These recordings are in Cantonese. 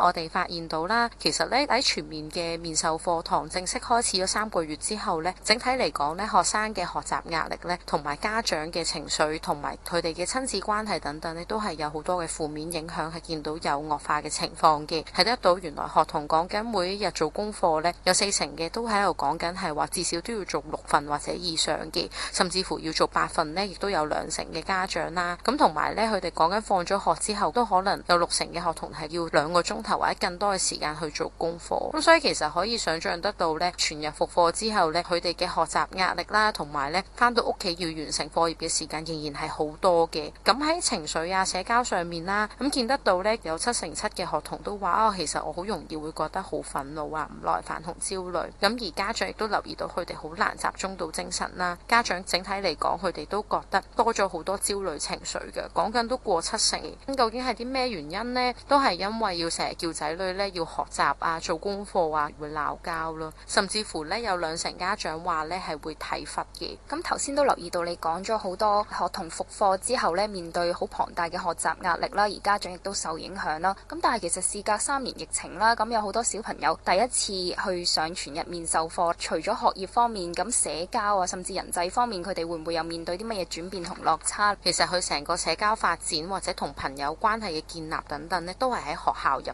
我哋發現到啦，其實咧喺全面嘅面授課堂正式開始咗三個月之後咧，整體嚟講咧，學生嘅學習壓力咧，同埋家長嘅情緒，同埋佢哋嘅親子關係等等咧，都係有好多嘅負面影響，係見到有惡化嘅情況嘅，睇得到原來學童講緊每一日做功課咧，有四成嘅都喺度講緊係話至少都要做六份或者以上嘅，甚至乎要做八份咧，亦都有兩成嘅家長啦。咁同埋咧，佢哋講緊放咗學之後，都可能有六成嘅學童係要兩個鐘。投喎，或者更多嘅時間去做功課，咁所以其實可以想像得到咧，全日復課之後咧，佢哋嘅學習壓力啦，同埋咧翻到屋企要完成課業嘅時間，仍然係好多嘅。咁喺情緒啊、社交上面啦，咁見得到咧，有七成七嘅學童都話哦，其實我好容易會覺得好憤怒啊、唔耐煩同焦慮。咁而家長亦都留意到佢哋好難集中到精神啦。家長整體嚟講，佢哋都覺得多咗好多焦慮情緒嘅，講緊都過七成。咁究竟係啲咩原因呢？都係因為要成日。叫仔女咧要學習啊、做功課啊，會鬧交咯，甚至乎咧有兩成家長話咧係會體罰嘅。咁頭先都留意到你講咗好多學童復課之後咧，面對好龐大嘅學習壓力啦，而家長亦都受影響啦。咁但係其實事隔三年疫情啦，咁有好多小朋友第一次去上全日面授課，除咗學業方面，咁社交啊，甚至人際方面，佢哋會唔會有面對啲乜嘢轉變同落差？其實佢成個社交發展或者同朋友關係嘅建立等等呢，都係喺學校入。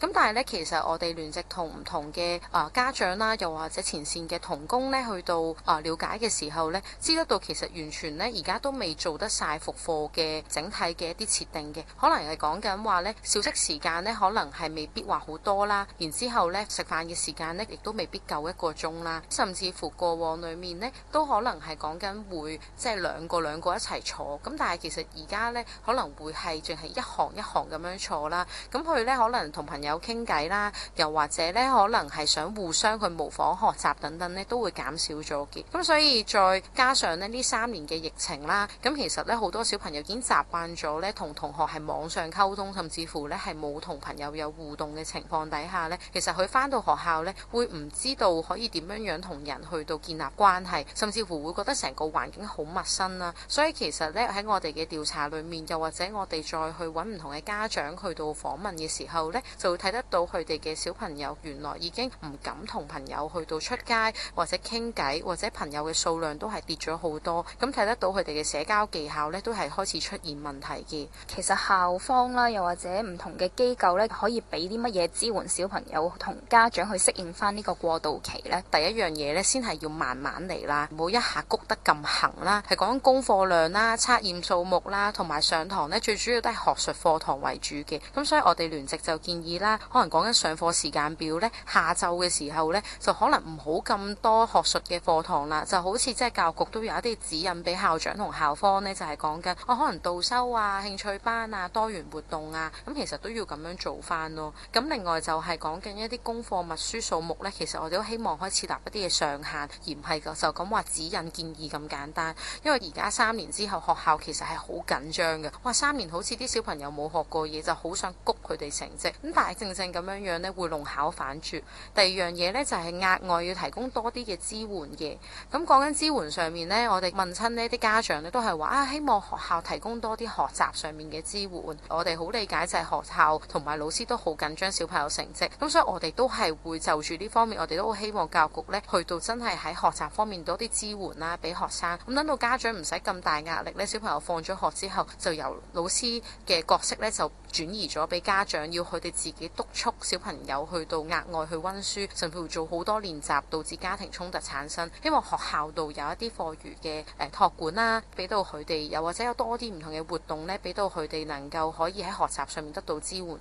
咁但係咧，其實我哋聯席同唔同嘅，啊家長啦，又或者前線嘅童工咧，去到啊了解嘅時候咧，知得到其實完全咧而家都未做得晒復課嘅整體嘅一啲設定嘅，可能係講緊話咧小息時間咧，可能係未必話好多啦，然之後咧食飯嘅時間咧，亦都未必夠一個鐘啦，甚至乎過往裡面呢，都可能係講緊會即係兩個兩個一齊坐，咁但係其實而家咧可能會係淨係一行一行咁樣坐啦，咁佢咧可能。同朋友傾偈啦，又或者咧，可能係想互相去模仿學習等等咧，都會減少咗嘅。咁所以再加上咧呢三年嘅疫情啦，咁其實咧好多小朋友已經習慣咗咧同同學係網上溝通，甚至乎咧係冇同朋友有互動嘅情況底下咧，其實佢翻到學校咧會唔知道可以點樣樣同人去到建立關係，甚至乎會覺得成個環境好陌生啦。所以其實咧喺我哋嘅調查裏面，又或者我哋再去揾唔同嘅家長去到訪問嘅時候咧。就會睇得到佢哋嘅小朋友，原來已經唔敢同朋友去到出街，或者傾偈，或者朋友嘅數量都係跌咗好多。咁睇得到佢哋嘅社交技巧呢，都係開始出現問題嘅。其實校方啦，又或者唔同嘅機構呢，可以俾啲乜嘢支援小朋友同家長去適應翻呢個過渡期呢？第一樣嘢呢，先係要慢慢嚟啦，唔好一下谷得咁行啦。係講功課量啦、測驗數目啦，同埋上堂呢，最主要都係學術課堂為主嘅。咁所以我哋聯席就，建議啦，可能講緊上課時間表呢，下晝嘅時候呢，就可能唔好咁多學術嘅課堂啦，就好似即係教育局都有一啲指引俾校長同校方呢，就係、是、講緊，我、哦、可能導修啊、興趣班啊、多元活動啊，咁其實都要咁樣做翻咯。咁另外就係講緊一啲功課默書數目呢，其實我哋都希望可以設立一啲嘅上限，而唔係就咁話指引建議咁簡單。因為而家三年之後學校其實係好緊張嘅，哇！三年好似啲小朋友冇學過嘢，就好想谷佢哋成績。咁大正正咁樣樣咧，會弄巧反拙。第二樣嘢咧就係、是、額外要提供多啲嘅支援嘅。咁、嗯、講緊支援上面咧，我哋問親呢啲家長咧都係話啊，希望學校提供多啲學習上面嘅支援。我哋好理解就係學校同埋老師都好緊張小朋友成績。咁、嗯、所以我哋都係會就住呢方面，我哋都好希望教育局咧去到真係喺學習方面多啲支援啦，俾學生。咁、嗯、等到家長唔使咁大壓力咧，小朋友放咗學之後就由老師嘅角色咧就。轉移咗俾家長，要佢哋自己督促小朋友去到額外去温書，甚至乎做好多練習，導致家庭衝突產生。希望學校度有一啲課餘嘅託管啦，俾到佢哋，又或者有多啲唔同嘅活動咧，俾到佢哋能夠可以喺學習上面得到支援。